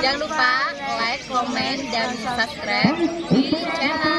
Jangan lupa like, komen, dan subscribe di channel